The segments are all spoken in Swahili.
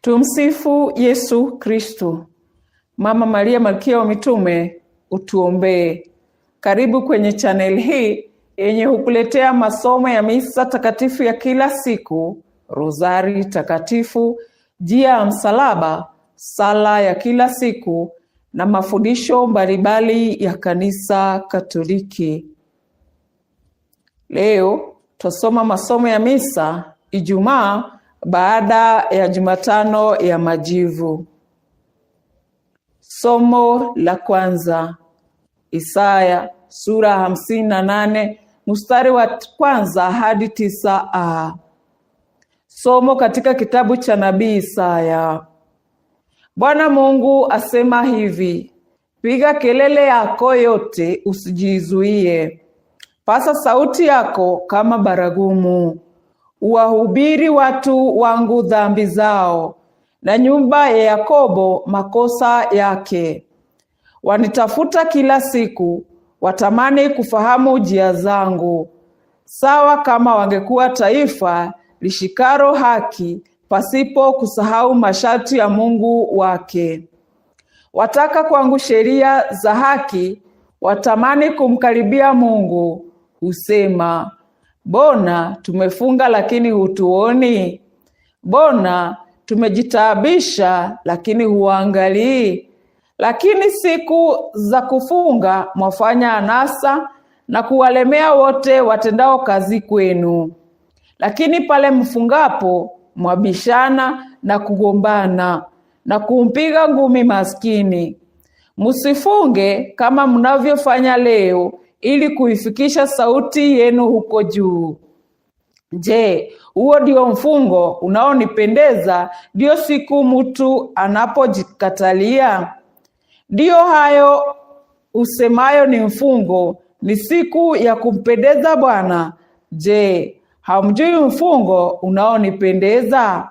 Tumsifu Yesu Kristu. Mama Maria Malkia wa Mitume, utuombee. Karibu kwenye channel hii yenye hukuletea masomo ya misa takatifu ya kila siku, Rozari Takatifu, Njia ya Msalaba, sala ya kila siku na mafundisho mbalimbali ya Kanisa Katoliki. Leo twasoma masomo ya misa Ijumaa baada ya Jumatano ya Majivu. Somo la kwanza, Isaya sura hamsini na nane mstari wa kwanza hadi tisa a. Somo katika kitabu cha nabii Isaya. Bwana Mungu asema hivi: piga kelele yako yote, usijizuie. Pasa sauti yako kama baragumu, uwahubiri watu wangu dhambi zao, na nyumba ya Yakobo makosa yake. Wanitafuta kila siku, watamani kufahamu njia zangu, sawa kama wangekuwa taifa lishikaro haki pasipo kusahau masharti ya Mungu wake. Wataka kwangu sheria za haki, watamani kumkaribia Mungu, husema bona tumefunga lakini hutuoni, bona tumejitaabisha lakini huangalii. Lakini siku za kufunga mwafanya anasa na kuwalemea wote watendao kazi kwenu. Lakini pale mfungapo mwabishana na kugombana na kumpiga ngumi maskini. Msifunge kama mnavyofanya leo, ili kuifikisha sauti yenu huko juu. Je, huo ndio mfungo unaonipendeza? Ndio siku mtu anapojikatalia? ndio hayo usemayo ni mfungo, ni siku ya kumpendeza Bwana? Je, hamjui mfungo unaonipendeza,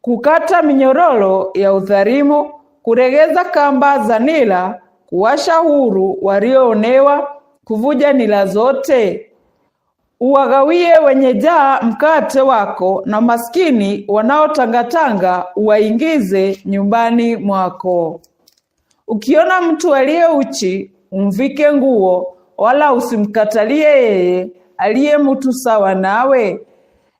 kukata minyororo ya udhalimu, kuregeza kamba za nila, kuwasha huru walioonewa, kuvuja nila zote, uwagawie wenye jaa mkate wako, na maskini wanaotangatanga uwaingize nyumbani mwako. Ukiona mtu aliye uchi umvike nguo, wala usimkatalie yeye aliye mtu sawa nawe?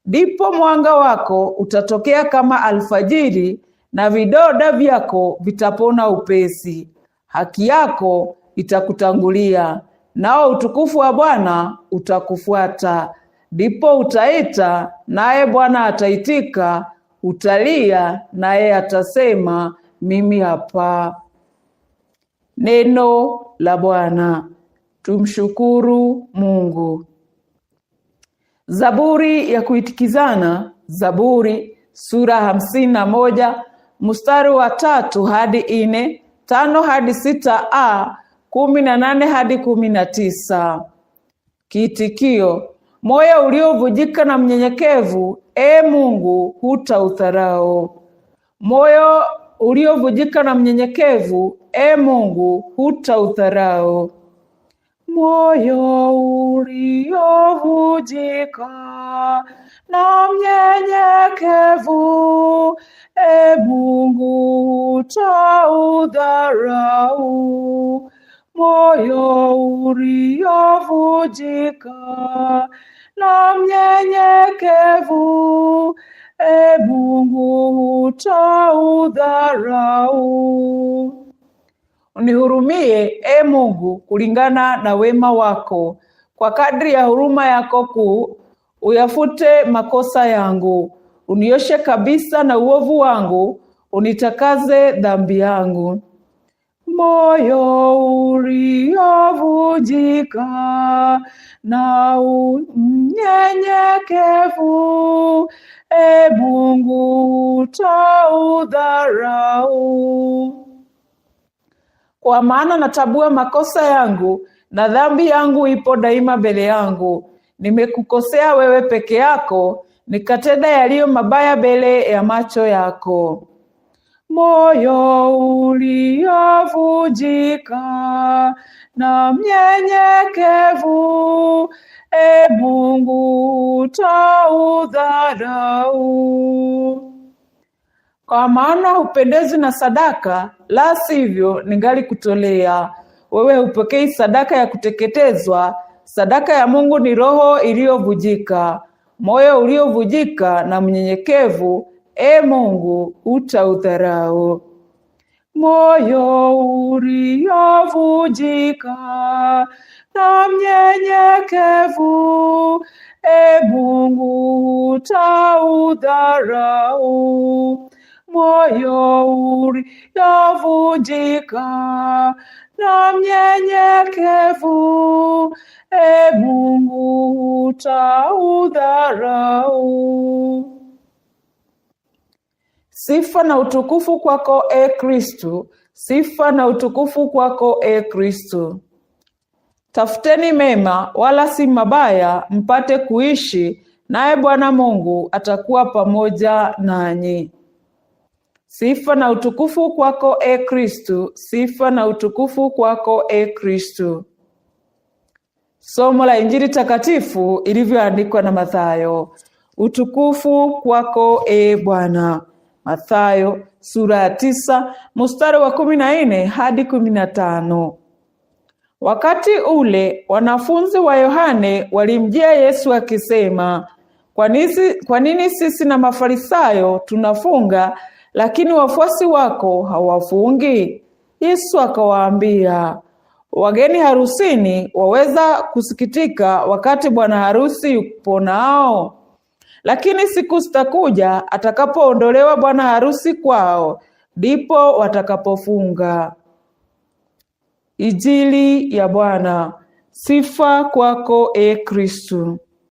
Ndipo mwanga wako utatokea kama alfajiri, na vidoda vyako vitapona upesi. Haki yako itakutangulia, nao utukufu wa Bwana utakufuata. Ndipo utaita naye Bwana ataitika, utalia naye atasema mimi hapa. Neno la Bwana. Tumshukuru Mungu. Zaburi ya kuitikizana Zaburi sura hamsini na moja mstari wa tatu hadi ine tano hadi sita a kumi na nane hadi kumi na tisa Kiitikio: moyo uliovujika na mnyenyekevu, e Mungu, hutaudharau. Moyo uliovujika na mnyenyekevu, e Mungu, hutaudharau moyo uliovujika na mnyenyekevu, e Mungu, utaudharau moyo uliovujika na mnyenyekevu, e Mungu, utaudharau. Unihurumie, e Mungu, kulingana na wema wako, kwa kadri ya huruma yako kuu, uyafute makosa yangu, unioshe kabisa na uovu wangu, unitakaze dhambi yangu. Moyo uliovunjika na unyenyekevu, e Mungu, utaudharau kwa maana natabua makosa yangu na dhambi yangu ipo daima mbele yangu. Nimekukosea wewe peke yako, nikatenda yaliyo mabaya mbele ya macho yako. Moyo uliovunjika na mnyenyekevu, e Mungu, taudharau kwa maana upendezi na sadaka, la sivyo kutolea Wewe upokei sadaka ya kuteketezwa. Sadaka ya Mungu ni roho iliyovujika, moyo uliovujika na mnyenyekevu, e Mungu utaudharau. Moyo uliovujika na mnyenyekevu, e Mungu utaudharau moyo yavunjika na mnyenyekevu, e Mungu, utaudharau. Sifa na utukufu kwako, e Kristu. Sifa na utukufu kwako, e Kristu. Tafuteni mema wala si mabaya, mpate kuishi, naye Bwana Mungu atakuwa pamoja nanyi. Sifa na utukufu kwako, e Kristu. Sifa na utukufu kwako, e Kristu. Somo la Injili takatifu ilivyoandikwa na Mathayo. Utukufu kwako, e Bwana. Mathayo sura ya tisa mstari wa kumi na nne hadi kumi na tano. Wakati ule wanafunzi wa Yohane walimjia Yesu akisema, kwa nini sisi na Mafarisayo tunafunga lakini wafuasi wako hawafungi? Yesu akawaambia, wageni harusini waweza kusikitika wakati bwana harusi yupo nao, lakini siku zitakuja atakapoondolewa bwana harusi kwao, ndipo watakapofunga. ijili ya Bwana. Sifa kwako, e Kristu.